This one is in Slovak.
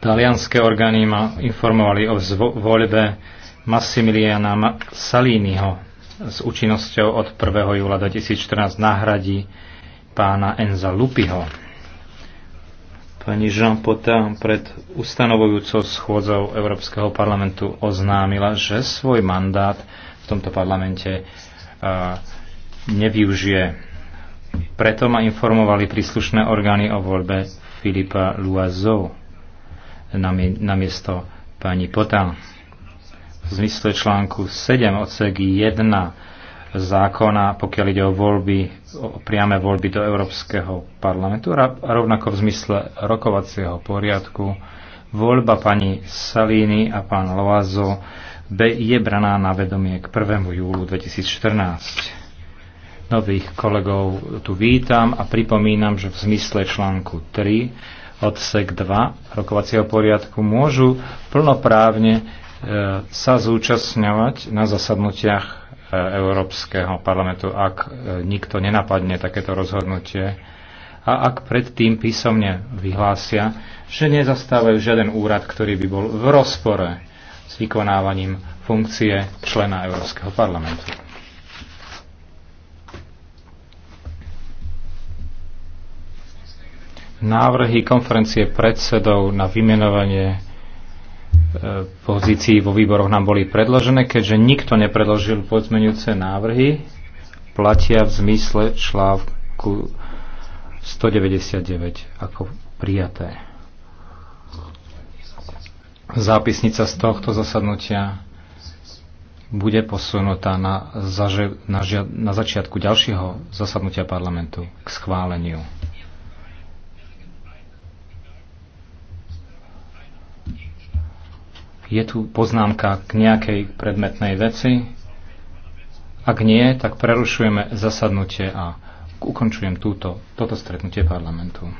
Talianské orgány ma informovali o voľbe Massimiliana Saliniho s účinnosťou od 1. júla 2014 nahradí pána Enza Lupiho. Pani Jean Potin pred ustanovujúcou schôdzou Európskeho parlamentu oznámila, že svoj mandát v tomto parlamente e, nevyužije. Preto ma informovali príslušné orgány o voľbe Filipa Loiseau na miesto pani Potá. V zmysle článku 7 odsek 1 zákona, pokiaľ ide o voľby, o priame voľby do Európskeho parlamentu, a rovnako v zmysle rokovacieho poriadku, voľba pani Salíny a pán Loazo je braná na vedomie k 1. júlu 2014. Nových kolegov tu vítam a pripomínam, že v zmysle článku 3 odsek 2 rokovacieho poriadku môžu plnoprávne e, sa zúčastňovať na zasadnutiach e, Európskeho parlamentu, ak e, nikto nenapadne takéto rozhodnutie a ak predtým písomne vyhlásia, že nezastávajú žiaden úrad, ktorý by bol v rozpore s vykonávaním funkcie člena Európskeho parlamentu. Návrhy konferencie predsedov na vymenovanie e, pozícií vo výboroch nám boli predložené, keďže nikto nepredložil pozmenujúce návrhy, platia v zmysle článku 199 ako prijaté. Zápisnica z tohto zasadnutia bude posunutá na, zaže, na, žia, na začiatku ďalšieho zasadnutia parlamentu k schváleniu. Je tu poznámka k nejakej predmetnej veci? Ak nie, tak prerušujeme zasadnutie a ukončujem túto, toto stretnutie parlamentu.